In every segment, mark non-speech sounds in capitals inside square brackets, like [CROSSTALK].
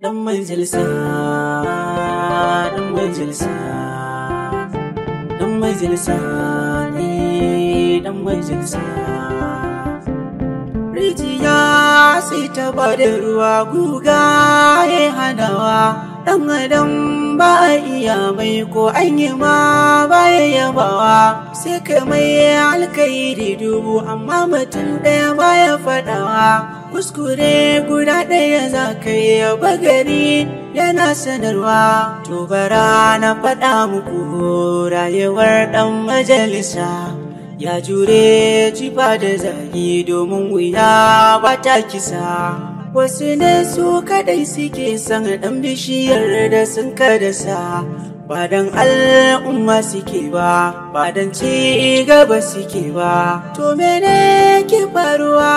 dan majalisa dan majalisa dan majalisa ne dan majalisa rijiya sai ta ba da ruwa guga ya hanawa dan adam ba a iya mai ko an yi ma ba ya yabawa sai ka mai alkairi dubu amma mutum ɗaya ba ya faɗawa kuskure guda ɗaya za ka yi bagari yana sanarwa To bara na faɗa muku rayuwar ɗan majalisa ya jure jifa da zagi domin wuya ba ta kisa wasu ne su kadai suke san ɗan bishiyar da sun sa ba dan al'umma suke ba ba dan ci gaba suke ba to mene ke faruwa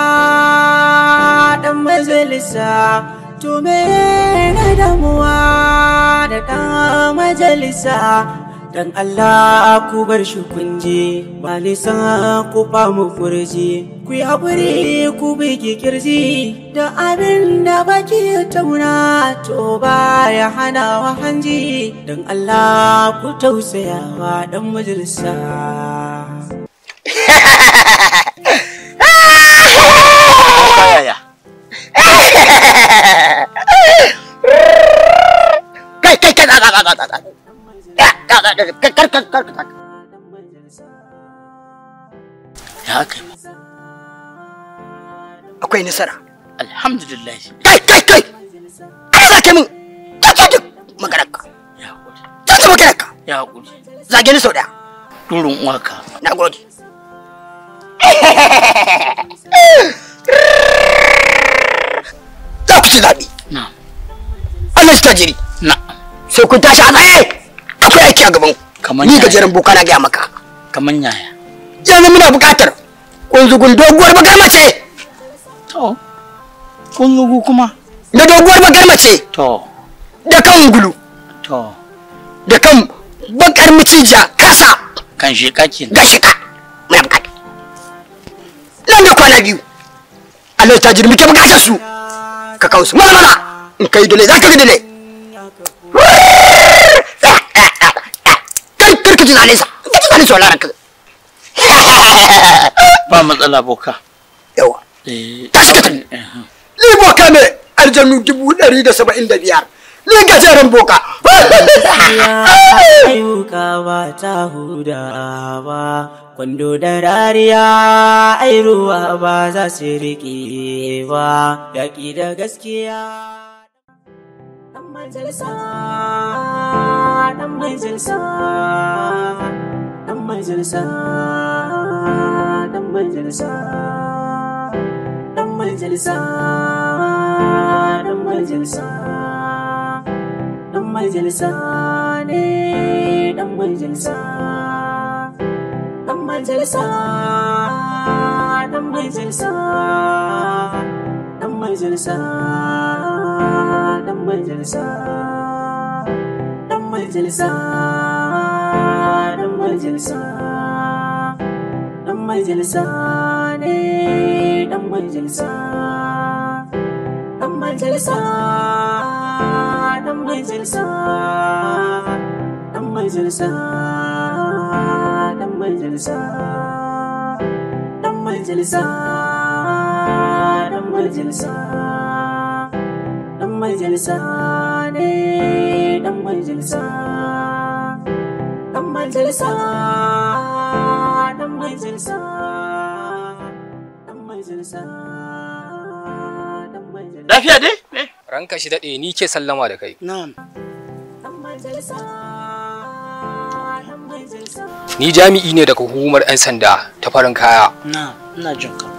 dan majalisa to mene damuwa da dan majalisa Dan Allah ku bar shi kunje, ba nisa ku famu furji. Ku yi haƙuri ku biki kirji, da abin da baki tauna to ba ya hana wa hanji. Dan Allah ku tausaya wa ɗan majalisa. za ka ya kai akwai nasara alhamdulillah kai kai kai kai za min duk maganar ka ya hakuri duk ka ya hakuri zage ni sau daya durin waka. na gode za [LAUGHS] ku ci zaɓi na Allah shi tajiri na sai kun tashi a tsaye akwai aiki a gaban kamar ni gajeren boka na gaya maka kamar yaya yanzu muna buƙatar kunzugun doguwar bakar mace to kunzugu kuma da doguwar bakar mace to da kan gulu to da kan bakar macija kasa kan sheka kin da sheka muna buƙata nan da kwana biyu Allah ta jirmi ke buƙatar su ka kawo su mana mana in kai dole za ka ga dole gaji zane sa sa lara ba matsala boka yawa ta saka ta ni boka ne aljanu dubu ɗari da saba'in da biyar ni gajeren boka ayyuka ba ta huda ba kwando da rariya ai ruwa ba za su riƙe ba yaƙi da gaskiya ɗan majalisa ɗan majalisa ɗan majalisa ɗan majalisa ɗan majalisa ɗan majalisa ɗan majalisa ne ɗan majalisa ɗan majalisa ɗan majalisa ɗan majalisa ɗan majalisa majalisa dan majalisa dan majalisa ne dan majalisa dan majalisa ɗan majalisa dan majalisa dan majalisa ɗan majalisa dan majalisa dan majalisa majalisa dan lafiya dai ranka shi daɗe ni ke sallama da kai na'am ni jami'i ne daga hukumar 'yan sanda ta farin kaya na'am ina jin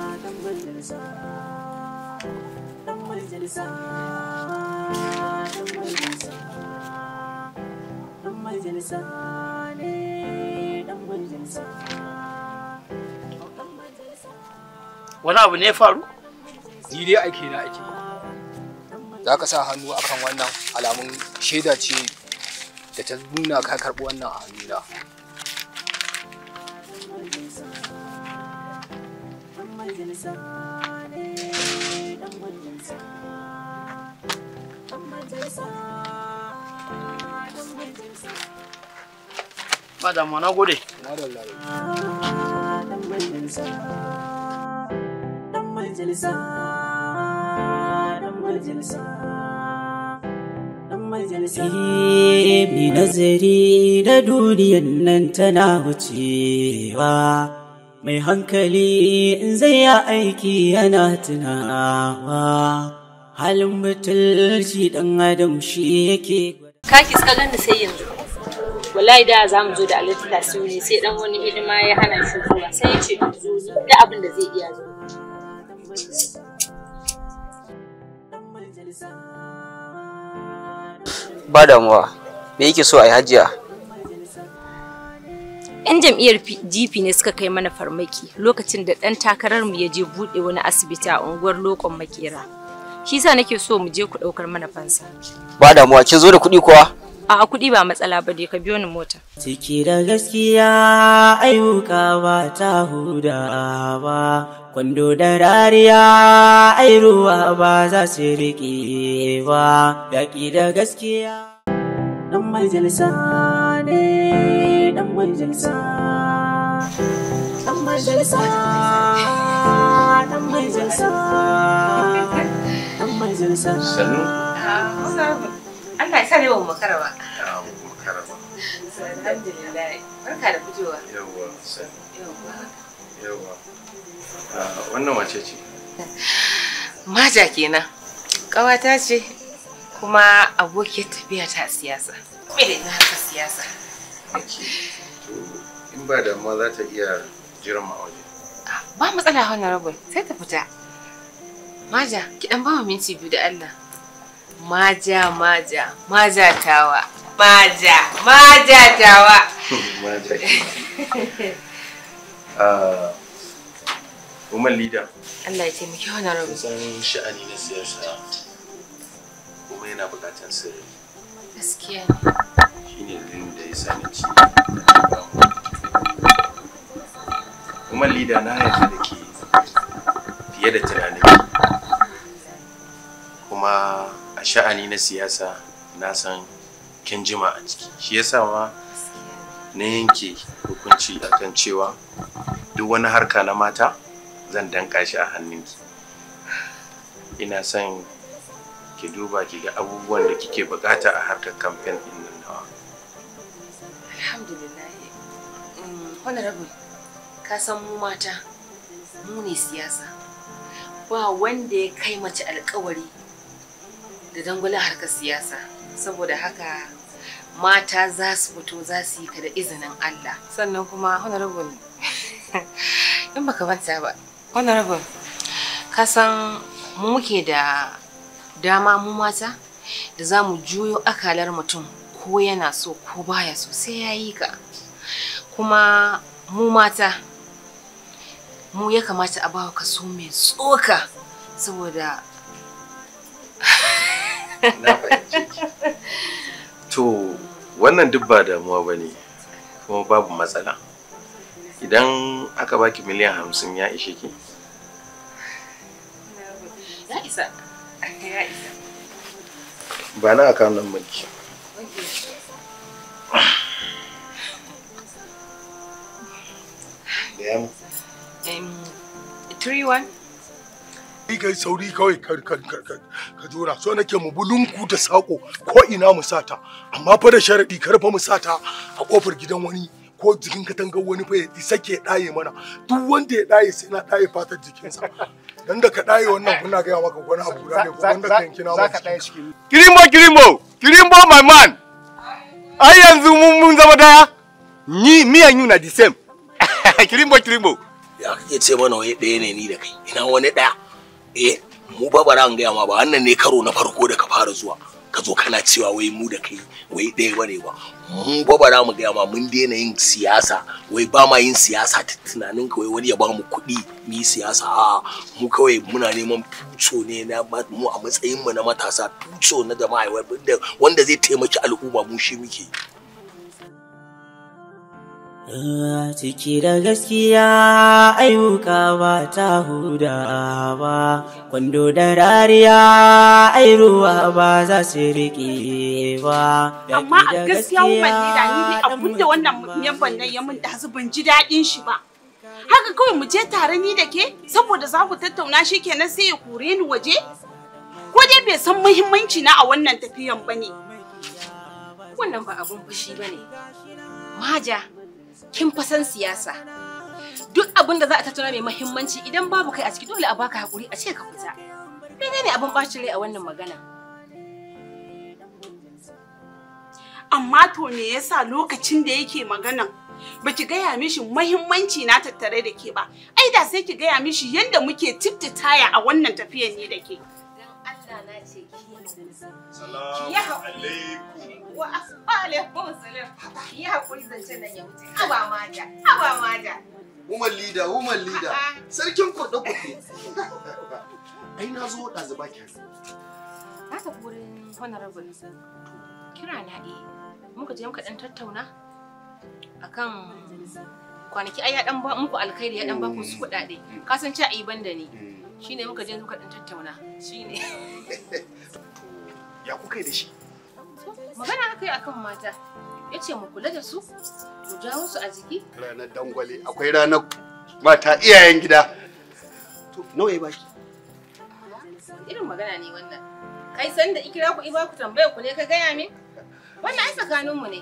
wani abu ne faru ni dai ake na ake za ka sa hannu akan wannan alamun shaida ce da ta nuna ka karɓi wannan a hannuna Madam, na gode. Madam, majalisa mai nazari da duniyan nan tana wucewa mai hankali in zai yi aiki yana tunawa halin shi dan adam shi yake ka suka ganda sai yanzu wallahi da za mu zo da alatta tasiri sai dan wani hidima ya hana shi zuwa sai ya ce zo da abin da zai iya zuwa Ba damuwa, me yake so a yi hajiya? ‘Yan jam'iyyar GP ne suka kai mana farmaki lokacin da ɗan takararmu ya je buɗe wani asibiti a unguwar Lokon Makera. Shi sa nake so mu je ku ɗaukar mana fansa. Ba damuwa, kin zo da kuɗi kuwa? A'a kuɗi ba matsala ba dai ka biyo ni mota. Ciki da gaskiya ayyuka ba ta huda ba kwando da rariya ai ruwa ba za su riƙe ba yaƙi da gaskiya ɗan majalisa ne ɗan majalisa ɗan majalisa ɗan majalisa ɗan majalisa sannu Allah ya sa ne ba makara ba alhamdulillah barka da fitowa yawwa sannu yawwa yawwa Ah, wannan wace ce maja kenan ƙawata ce kuma abokiyar tafiya ta siyasa mene na harkar siyasa in ba da ma za ta iya jiran ma waje ah, ba matsala wannan honorable sai ta fita maja ki dan bawa minti biyu da Allah maja maja maja tawa maja maja tawa [LAUGHS] maja [LAUGHS] woman leader Allah ya taimaki wani rabu san sha'ani na siyasa kuma yana bukatar sirri gaskiya ne Shi ne dalilin da ya sani ci woman leader na yarda da ke fiye da tunani. kuma a sha'ani na siyasa na san kin jima a ciki shi yasa ma na yanke hukunci akan cewa duk wani harka na mata zan danka shi a hannunki ina son ki duba ki ga abubuwan da kike bukata a harkar kamfen din nan nawa alhamdulillah mm, honorable ka san mu mata mu ne siyasa ba wanda ya kai mace alkawari da dangwalin harkar siyasa saboda haka mata za su fito za su yi ka da izinin Allah sannan kuma honorable [LAUGHS] in baka manta ba honorable ka san mu muke da dama mu mata da za mu juyo akalar mutum ko yana so ko baya so sai ya yi ka kuma mu mata mu ya kamata a bawa kaso mai tsoka saboda to wannan duk ba damuwa ba ne kuma babu matsala idan aka baki miliyan hamsin ya ishe ki Ya isa. Ya isa. Ba na akan nan banki. Da yamu. Three one. yi kai sauri kawai kar kar kar kar ka jura so nake mu bulunku da sako ko ina mu sata amma fa da sharadi karfa mu sata a kofar gidan wani ko jikin tanga wani fa ya sake daye mana duk wanda ya daye sai na fata fatar jikinsa dan da ka daye wannan kuna gaya maka wani abu da ne ko wanda kan kina ba kirimbo kirimbo kirimbo my man ai yanzu mun mun zama daya ni me and you na the same [LAUGHS] kirimbo kirimbo ya kike ce mana wai daya ne ni da kai ina wani ɗaya eh mu ba bara an gaya ma ba wannan ne karo na farko da ka fara zuwa ka zo kana cewa wai mu da kai wai ɗaya bane ba mun gwabara mu gaya ma mun daina yin siyasa wai ba ma yin siyasa ta tunanin ka wai wani ya ba mu kuɗi mu siyasa a mu kawai muna neman fuco ne na mu a matsayin mu na matasa fuco na jama'a wanda zai taimaki al'umma mu shi muke Ciki da gaskiya ayyuka ba ta huda ba, kwando da rariya ai ruwa ba za su riƙe ba. Amma a gaskiya umarni da ni ne abin da wannan memban nan ya mun ɗazu ban ji daɗin shi ba. Haka kawai mu je tare ni da ke saboda za ku tattauna shi kenan sai ya kore ni waje? Ko dai bai san muhimmanci na a wannan tafiyan ba ne. Wannan ba abun fushi ba ne. Maja. kin fasan siyasa duk abin da za a tattauna mai muhimmanci idan babu kai a ciki dole a baka hakuri a ce ka fita menene abin bacin rai a wannan magana amma to me yasa lokacin da yake maganan baki gaya mishi muhimmanci na tattare da ke ba ai da sai ki gaya mishi yadda muke tifta a wannan tafiyar ne da ke Allah na ce ki Assalamu alaikum. Wa alaikum salam. Ya hakuri zancen nan ya wuce. Aba mata, aba mata. Woman leader, woman leader. Sarkin kuɗe kuɗe. [LAUGHS] Ai na zo ɗazu ba kyan. Na tafi wurin honorable sun kira na eh. Muka je muka ɗan tattauna akan kwanaki ai ya dan ba muku alkhairi ya dan ba ku su kuɗaɗe. Mm. Ka san cewa ai banda ne. Mm. Shine muka je muka ɗan tattauna. Shine. [LAUGHS] ya ku kai da shi magana haka yi akan mata ya ce mu kula da su mu jawo su a jiki ranar dangwale akwai ranar mata iyayen gida to nawa ya baki irin magana ne wannan kai san da ikira ku iba ku tambaya ku ne ka gaya min wannan ai tsakanin mu ne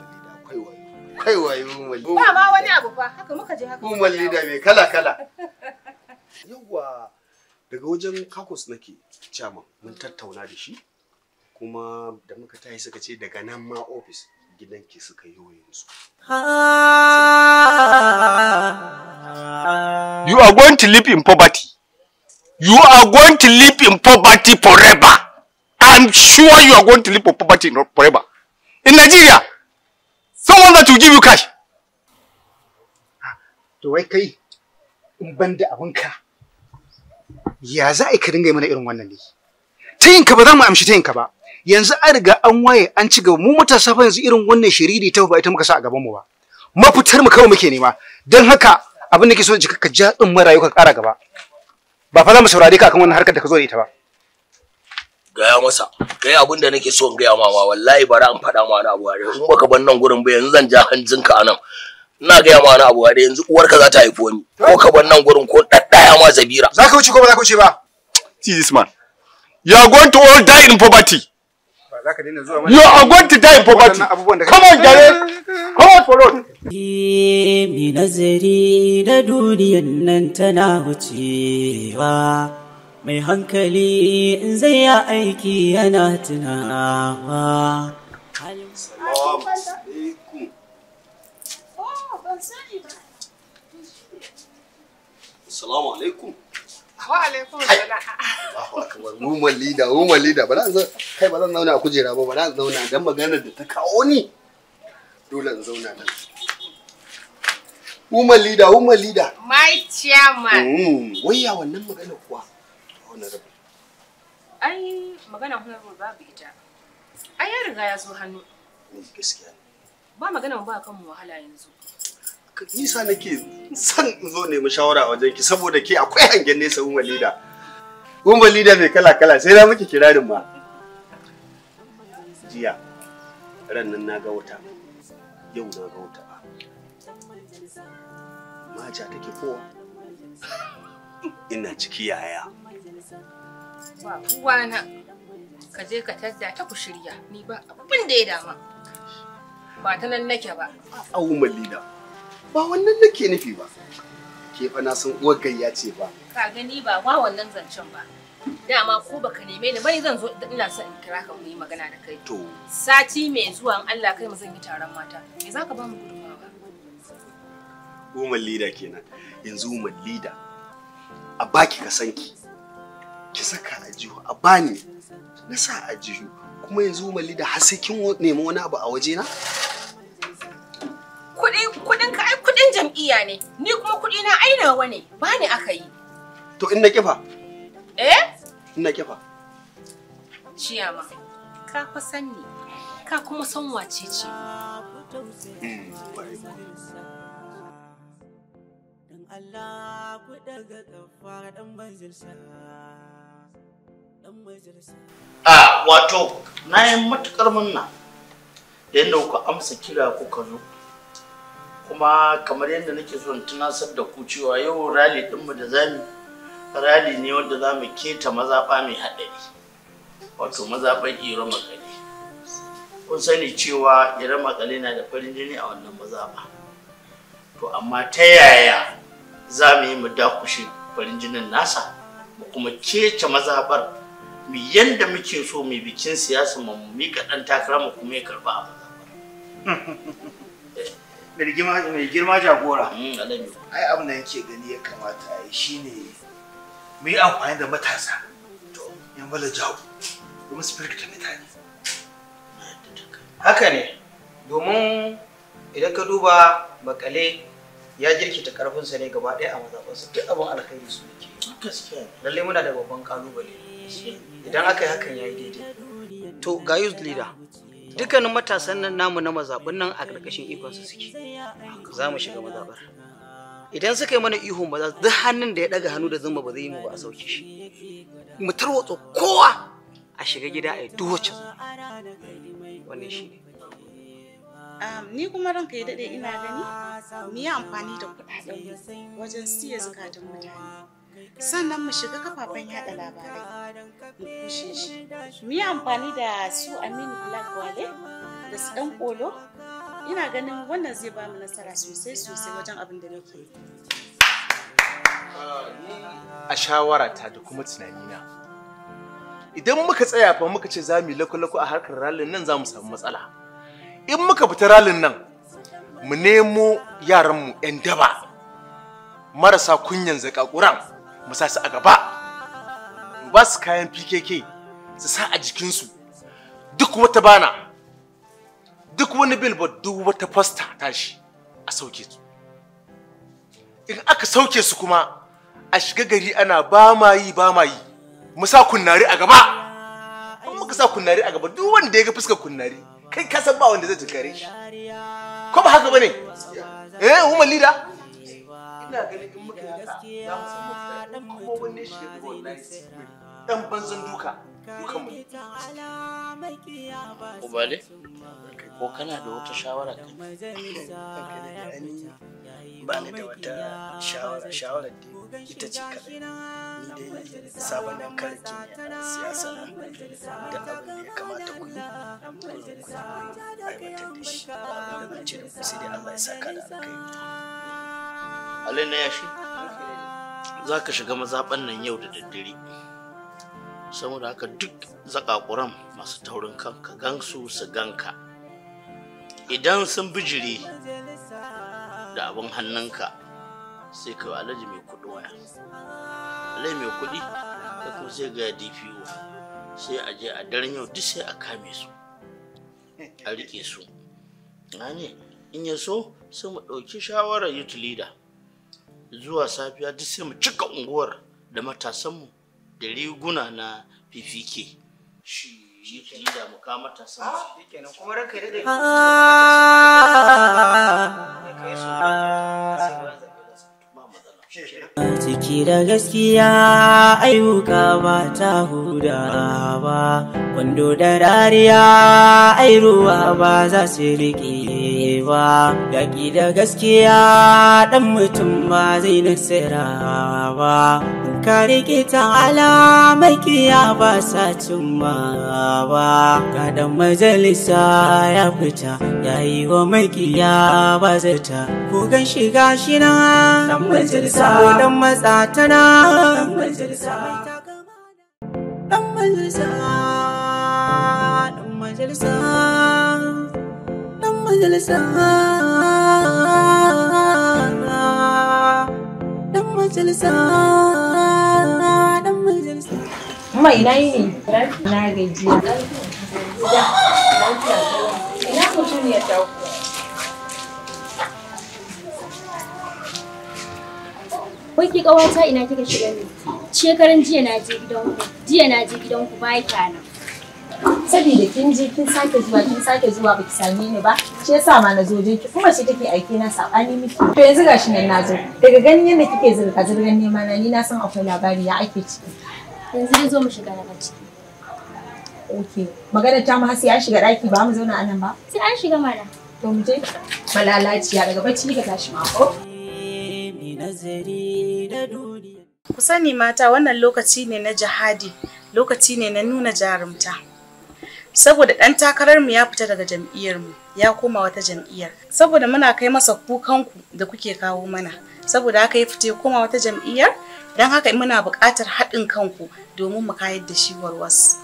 kai wayo wayo, ba ba wani abu fa haka muka je haka mali da me kala kala yawwa daga wajen kakos nake chairman mun tattauna da shi kuma da muka tashi suka ce daga nan ma ofis gidanki suka yi yanzu. You are going to live in poverty. You are going to live in poverty forever. I'm sure you are going to live in poverty forever. In Nigeria, someone that will give you cash. To wai kai in banda da abinka. Ya za a ka dinga yi mana irin wannan ne? ta yinka ba za mu amshi ta yinka ba yanzu an riga an waye an ci gaba mu matasa fa yanzu irin wannan shiriri ta ba ita muka sa a gaban mu ba mafitar mu kawai muke nema don haka abin da ke so jika ka ja din rayuwa ka kara gaba ba fa za mu saurare ka kan wannan harkar da ka zo da ita ba gaya masa kai abin da nake so in gaya ma wallahi bara an faɗa ma wani abu ba in baka ban nan gurin ba yanzu zan ja hanjinka a nan ina gaya ma wani abu ba yanzu uwarka za ta haifi wani ko ka ban nan gurin ko ɗaɗɗaya ma zabira za ka wuce ko ba za ka wuce ba see this man You are going to all die in poverty. You are going to die in poverty. Come on, Jare. Come on, follow. Mi nazari na duniyan nan tana wucewa, mai hankali in zai ya aiki yana tunawa. Salamu alaikum. Wa alaikum salam. Woman leader, woman leader. Ba zan kai ba zan zauna a kujera ba, ba zan zauna dan maganar da ta kawo ni. Dole in zauna nan. Woman leader, woman leader. My chairman. Wayya wannan magana kuwa. Honorable. Ai magana honorable babu ita. Ai ya riga ya zo hannu. Gaskiya. Ba magana ba kan mu wahala yanzu. nisa nake son in zo nemi shawara wajen ki saboda ke akwai hangen nesa umar lida umar lida mai kala kala sai na miki kirarin ma jiya rannan na ga wata yau na ga wata ba maja take kowa ina ciki yaya na ka je ka tadda ta ku shirya ni ba abin da ya dama ba ta nan nake ba umma Lida. ba wannan nake nufi ba ke fa na san uwar gayya ce ba ka gani ba ba wannan zancen ba dama ko baka neme ni bari zan zo ina son in kira ka mu yi magana da kai to sati mai zuwa Allah kai mu zan yi taron mata me zaka ba mu gudunmawa Umar Lida kenan yanzu Umar Lida a baki ka sanki ki saka ajihu a bani na sa ajihu kuma yanzu Umar Lida har sai kin nemi wani abu a waje na kuɗin kuɗin ka ai kudin jam'iyya ne, ni kuma kudi na wa ne, ba ni aka yi. To in na kifa? Eh? In na kifa. Ciyama, ka fa san ni, ka kuma san wace ce. Allah ku daga kafa dan bazirsa. A wato na yi matukar murna da yadda kuka amsa kira kuka zo kuma kamar yadda nake son tunasar da ku cewa yau rali ɗinmu da zamu rali ne wanda za mu keta mazaɓa mai haɗari wato mazaɓar iro makali kun sani cewa iro makali na da farin jini a wannan mazaɓa to amma ta yaya za mu yi mu dakushe farin jinin nasa mu kuma keta mazaɓar mu yanda muke so mai bikin siyasa mu mika ɗan takara mu kuma ya karɓa a mazaɓar [LAUGHS] mai girma jagora mm, ai abin da yake gani ya kamata a yi shine mu yi amfani da matasa yan bala jawo domin su firgita mutane haka ne domin idan ka duba makale ya jirkita karfinsa ne gaba ɗaya a mazaɓarsa duk abin alkhairi su yake lalle muna da babban kalubale idan aka yi hakan ya yi daidai to ga youth leader dukkanin matasan nan namu na mazaɓin nan a ƙarƙashin ikonsa suke za mu shiga mazaɓar idan suka yi mana ihun ba za duk hannun da ya ɗaga hannu da zuma ba zai yi mu ba a sauke shi mu tarwatsa kowa a shiga gida a yi duwace wannan shi ne ni kuma ranka ya daɗe ina gani mu yi amfani da kuɗaɗen wajen siya zukatan mutane sannan mu shiga kafafen yada labarai mu yi amfani da su aminu black wale da su dan kolo ina ganin wannan zai ba mu nasara sosai sosai wajen abin da nake yi a ta da kuma tunanina idan muka tsaya fa muka ce za mu yi lakulaku a harkar ralin nan za mu samu matsala in muka fita ralin nan mu nemo yaranmu 'yan daba marasa kunyan zakakuran mu sa su a gaba mu ba su kayan pkk su sa a jikinsu duk wata bana duk wani billboard duk wata poster tashi a sauke su in aka sauke su kuma a shiga gari ana ba ma yi ba ma yi mu sa kunnari a gaba kuma muka sa kunnari a gaba duk wanda ya ga fuskar kunnari kai ka san ba wanda zai tukare shi ko ba haka bane eh umar leader ina ganin in muka yi haka za mu samu fita in kuma wani shi ya wallahi sirri dan banzan duka dukan mu ubale ko kana da wata shawara kan ba ni da wata shawara shawara da ita ce kadai ni dai sabon yan kare siyasa na da abin da ya kamata ku yi aiwatar da shi da zance da ku sai dai Allah ya saka da alkai alai na yashi za ka shiga mazaɓan nan yau da daddare saboda haka duk zakakuran masu taurin kanka gansu su ganka idan sun bijire da abin hannunka sai ka alaji mai kuɗi waya alai mai kuɗi ka kuma sai ga dpo sai a je a daren yau duk sai a kame su a rike su ne in ya so sai mu ɗauki shawarar youth leader zuwa safiya duk sai mu cika unguwar da matasanmu da riguna na fifike shi yi da mu ah, ah. ka matasan Ciki da gaskiya ayyuka ba ta hudawa, Wando da rariya ai ruwa ba za su riƙe ba, yaƙi da gaskiya ɗan mutum ba zai nasara ba. Ka rikita alamakiya ba sa cimma ba, kaɗan majalisa ya fita ya yi wa makiya ba zata, ku gan shiga shi na majalisa. majalisa dan matsa tana dan majalisa dan majalisa dan majalisa dan majalisa dan majalisa mai na yi ne na gajiya ina ya Wai ki kawata ina kika shiga ne? Shekaran jiya na je gidanku, jiya na je gidanku ba ki nan. saboda kin je kin sake zuwa kin sake zuwa baki same ni ba shi yasa ma na zo je ki kuma shi take aike na sabani miki to yanzu gashi nan na zo daga ganin yadda kike zirga zirgan nema na ni na san akwai labari ya ake ciki yanzu zai zo mu shiga daga ciki okay magana ta mu hasi an shiga daki ba mu zauna anan ba sai an shiga mana to mu je malalaciya daga bacci ka tashi ma ko nazari da duniya. Ku sani mata wannan lokaci ne na jihadi, lokaci ne na nuna jarumta. Saboda ɗan takararmu ya fita daga jam'iyyarmu ya koma wata jam'iyyar. Saboda muna kai masa kukanku da kuke kawo mana. Saboda haka ya fita ya koma wata jam'iyyar, don haka muna buƙatar haɗin kanku domin mu kayar da shi warwas.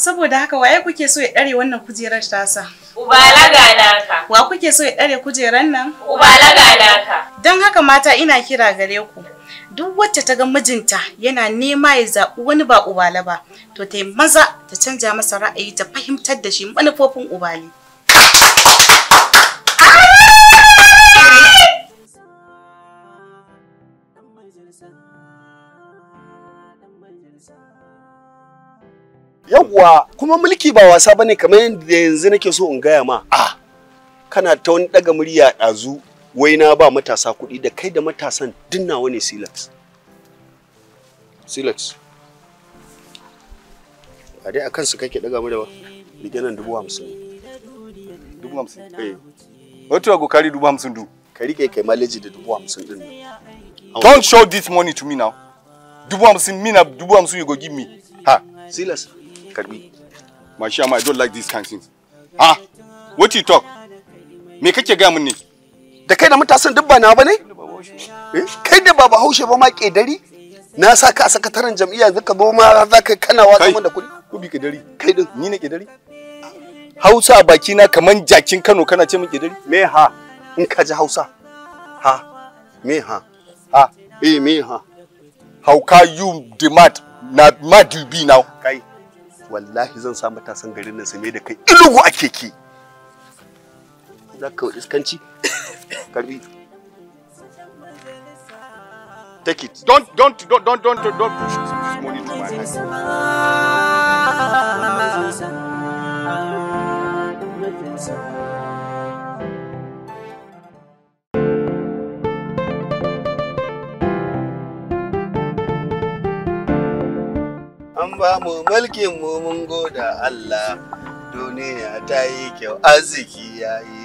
Saboda haka waye kuke so ya ɗare wannan kujerar tasa? Ubalaga naka. Wa kuke so ya ɗare kujerar nan? Ubalaga naka. Don haka mata ina kira gare ku. Duk wacce ta ga mijinta yana nema ya zaɓi wani ba ubala ba, to ta maza ta canja masa ra'ayi ta fahimtar da shi manufofin ubali. kuwa kuma mulki ba wasa bane kamar yadda yanzu nake so in gaya ma a ah. kana ta wani daga murya ɗazu wai na ba matasa kuɗi da kai da matasan dinnawa wani silex silex a dai akan su kake daga murya da ba rigenan dubu hamsin dubu hamsin eh wato kari dubu hamsin du ka rike kai maleji da dubu hamsin din don't show this money to me now dubu hamsin me na dubu hamsin you go give me ha silas Kadmi. masha ma i don't like these kind of things ah what you talk me kake ga mun ne da kai da matasan na ba ne Eh, kai da baba haushe ba ma dari? na sa ka a sakataren jam'iyya zaka zo ma za ka kana watsa mun da kudi. ko bi dari. kai din ni ne dari? hausa baki na kaman jakin kano kana ce min dari? me ha in ka ji hausa ha me ha ha eh me ha how can you demand na mad you be now kai wallahi zan sa matasan garin nan su mai da kai ilugu a keke za ka iskanci [COUGHS] karbi take it don't don't don't don't don't don't, push this money to my hand ba mu mulkin mu mun goda Allah duniya ta yi kyau arziki ya yi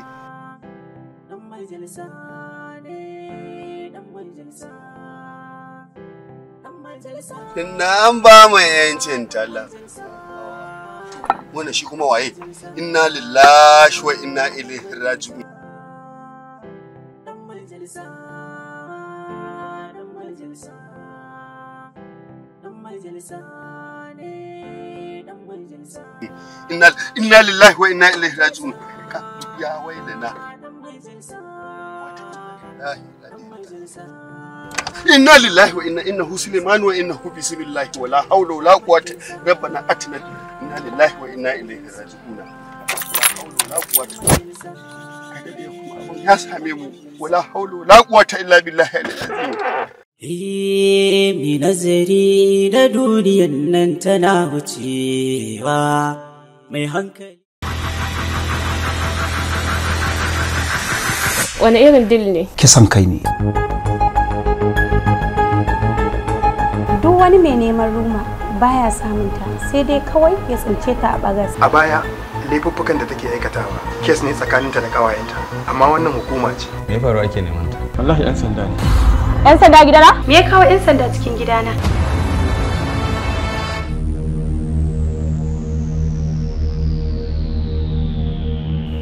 Inna an ba mu yancin talaka. Wannan shi kuma waye? Inna lillahi wa inna ilaihi raji'un. majalisa inna lillahi wa inna ilaihi raji'un ya wailana inna lillahi wa inna innahu suleiman wa innahu bismillah wa la hawla wa la quwwata rabbana atina inna lillahi wa inna ilaihi raji'un la hawla wa la quwwata ya same mu wala hawla wala quwwata illa billahi Eh, mi nazari na duniyan nan tana wucewa mai hankali. Wani irin dil ne? Kisan kai ne. Duk wani mai neman ruma baya samun ta sai dai kawai ya tsince ta a bagas. A baya laifuffukan da take aikatawa kes ne tsakaninta da kawayenta amma wannan hukuma ce. Me faruwa ke neman ta? Wallahi an sanda ne. 'Yan sanda gidana? Me ya kawo 'yan sanda cikin gidana?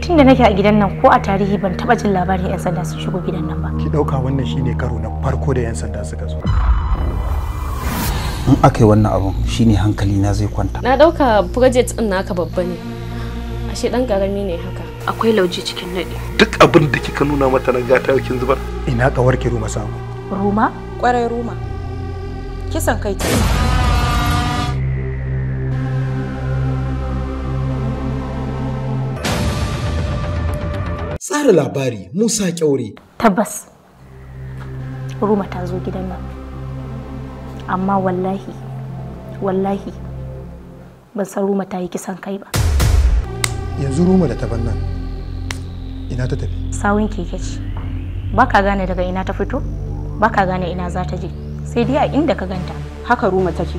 tun da nake a gidan nan ko a tarihi ban taba jin labarin 'yan sanda sun shigo gidan nan ba. Ki ɗauka wannan shine karo na farko da 'yan sanda suka zo. In aka yi wannan abun shine hankali na zai kwanta. Na ɗauka project ɗin naka babba ne. Ashe ɗan ƙarami ne haka. Akwai lauje cikin naɗi. Duk abin da kika nuna mata na gata kin zubar. Ina ƙawar ki ruma samu. Ruma? Kwarai Ruma. Kisan kai ce. Tsara labari Musa Kyaure. Tabbas. Ruma ta zo gidan nan. Amma wallahi, wallahi, ban san Ruma ta yi kisan kai ba. Yanzu Ruma da taban nan, ina ta tafi? Sawun keke ce. Ba ka gane daga ina ta fito? baka gane ina za ta je sai dai a inda ka ganta haka ruma take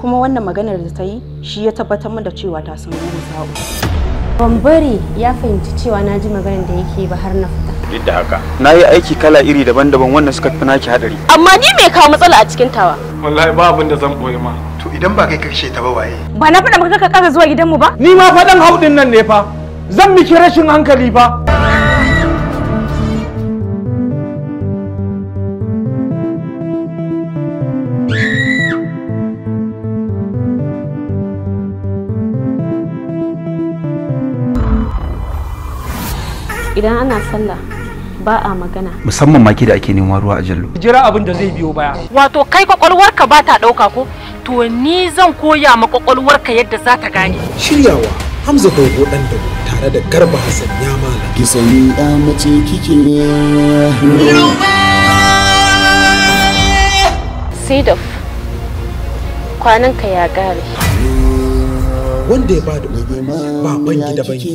kuma wannan maganar da ta yi shi ya tabbatar min da cewa ta san ruma sa'o ban bari ya fahimci cewa na ji maganar da yake ba har na fita duk da haka na yi aiki kala iri daban-daban wannan suka fi naki hadari amma ni mai kawo matsala a cikin tawa wallahi ba abin da zan boye ma to idan ba kai karshe ta ba waye ba na faɗa maka ka ƙara zuwa gidanmu ba ni ma faɗan haudin nan ne fa zan miki rashin hankali fa idan ana sallah ba a magana musamman maki da ake neman ruwa a jallo jira abin da zai biyo baya wato kai kwakwalwarka ba ta dauka ko to ni zan koya ma kwakwalwarka yadda za ta gane shiryawa hamza dogo dan da tare da garba hasan ya mala ki sauri a mace kike sai da kwananka ya gare wanda ya ba da ba bangi da bangi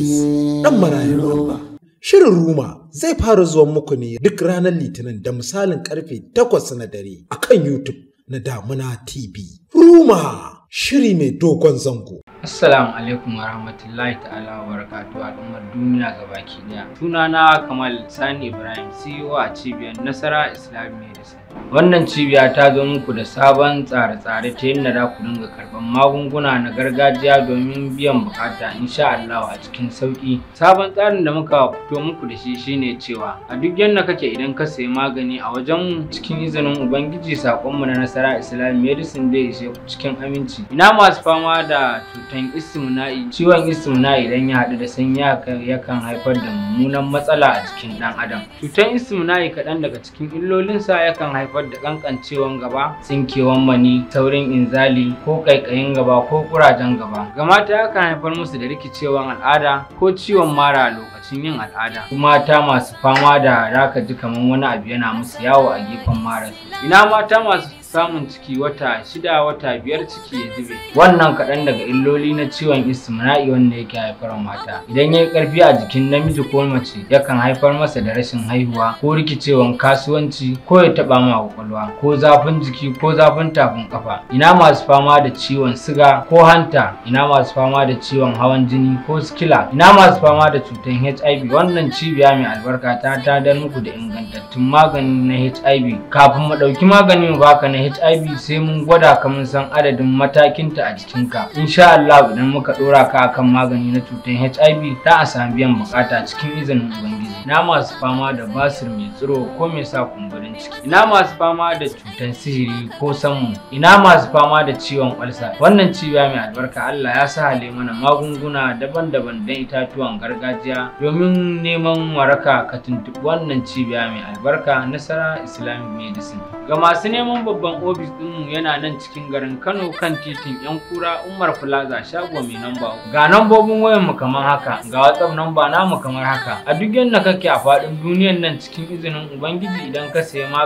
dan marayar Allah Shirin Ruma zai fara zuwa muku ne duk ranar Litinin da misalin karfe 8 na dare a kan YouTube na Damuna TV. Ruma shiri mai dogon zango. Assalamu alaikum wa rahmatullahi ta'ala wa barakatu al'ummar duniya ga baki daya. Tunana Kamal Sani Ibrahim CEO a cibiyar Nasara Islamic Medicine. Wannan cibiya ta zo muku da sabon tsare-tsare ta yin da ku dinga karban magunguna na gargajiya domin biyan bukata insha Allah a cikin sauki Sabon tsarin da muka fito muku da shi shine cewa a duk yanda kake idan ka sayi magani a wajen cikin izinin Ubangiji sakon mu na Nasara Islam Medicine zai ishe cikin aminci. Ina masu fama da cutan istimna'i ciwon istimna'i idan ya hadu da sanyi yakan haifar da mummunan matsala a cikin dan adam. Cutan istimna'i kaɗan daga cikin illolinsa yakan haifar haifar da kankancewan gaba tsinkewan mani taurin inzali ko kaikayin gaba ko ƙurajen gaba ga mata yakan haifar musu da rikicewan al'ada ko ciwon mara lokacin yin al'ada kuma ta masu fama da raka ji kamar wani abu yana musu yawo a gefen mara ina mata masu samun ciki wata shida wata biyar ciki ya zube wannan kaɗan daga illoli na ciwon istimna'i wanda yake haifar mata idan ya yi ƙarfi a jikin namiji ko mace yakan haifar masa da rashin haihuwa ko rikicewan kasuwanci ko ya taɓa ma kwakwalwa ko zafin jiki ko zafin tafin kafa ina masu fama da ciwon siga ko hanta ina masu fama da ciwon hawan jini ko sikila ina masu fama da cutar hiv wannan cibiya mai albarka ta tadar muku da ingantattun magani na hiv kafin mu ɗauki maganin baka na HIV sai mun gwada ka mun san adadin matakinta a jikinka. Insha Allah idan muka ɗora ka akan magani na cutar HIV ta a sami biyan bukata cikin izinin Ubangiji. Ina masu fama da basir mai tsiro ko mai sa kumburin ciki. Ina masu fama da cutar sihiri ko samu. Ina masu fama da ciwon kwalsa. Wannan cibiya mai albarka Allah ya sa hale mana magunguna daban-daban don itatuwan gargajiya domin neman waraka ka tuntuɓi wannan cibiya mai albarka nasara Islamic Medicine. Ga masu neman babban ofis ɗinmu yana nan cikin garin Kano kan titin 'yan kura Umar Plaza shago mai namba Ga nambobin mu kamar haka, ga WhatsApp namba namu kamar haka. A duk yadda kake a faɗin duniyar nan cikin izinin Ubangiji idan ka sayi mu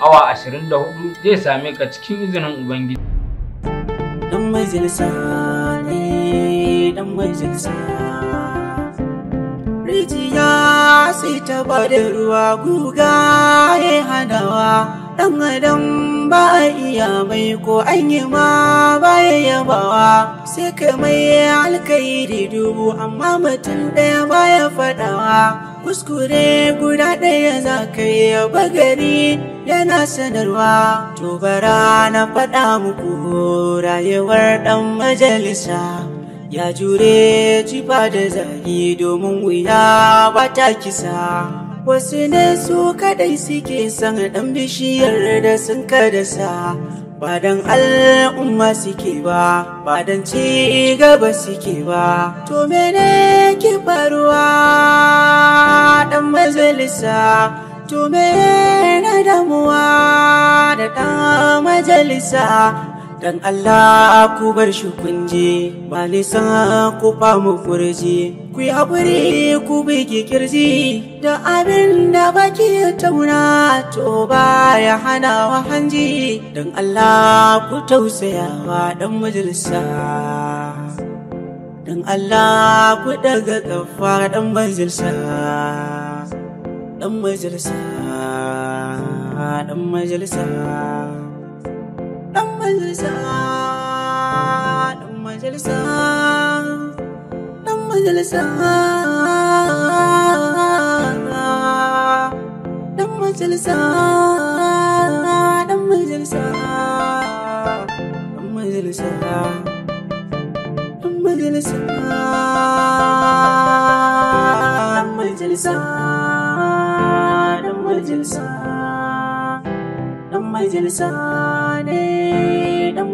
awa 24 zai same ka cikin izinin Ubangiji. Dan zilsa ne, dan Rijiya sai ta ba ruwa guga ya hanawa. ɗan adam ba a iya mai ko an yi ma baya yabawa sai ka mai alkairi dubu amma mutum ɗaya baya faɗawa kuskure guda ɗaya za ka yi bagari yana sanarwa to bara na faɗa muku rayuwar ɗan majalisa ya jure jifa da zagi domin wuya ba ta kisa wasu ne su kadai suke son dan bishiyar da sun kadasa ba dan al'umma suke ba ba dan ci gaba suke ba to mene ke faruwa dan majalisa to mene damuwa da dan majalisa dan Allah ku bar shi kunje ba nisa ku famu furji. ku yi haƙuri ku bege kirji da abin da baki tauna to ba ya hana wa hanji dan Allah ku tausaya wa dan majalisa dan Allah ku daga kafa dan majalisa dan majalisa dan majalisa majalisa dan majalisa dan majalisa majalisa majalisa majalisa majalisa majalisa majalisa majalisa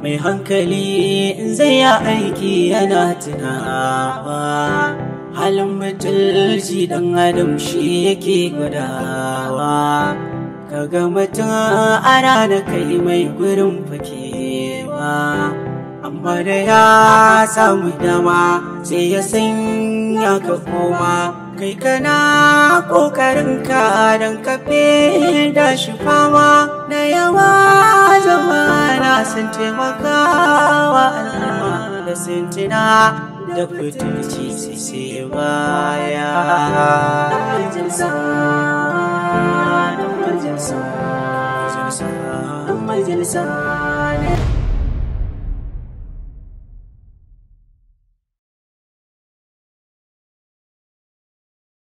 mai hankali in zai ya aiki yana tunawa halin mutunci dan adam shi yake gudawa kaga mutum ana da kai mai gurin fakewa amma da ya samu dama sai ya sanya ka koma kai kana ƙoƙarin ka don kafe da shi na yawa zamana sun taimakawa al'umma da sintina da fitilci sai baya majalisa majalisa majalisa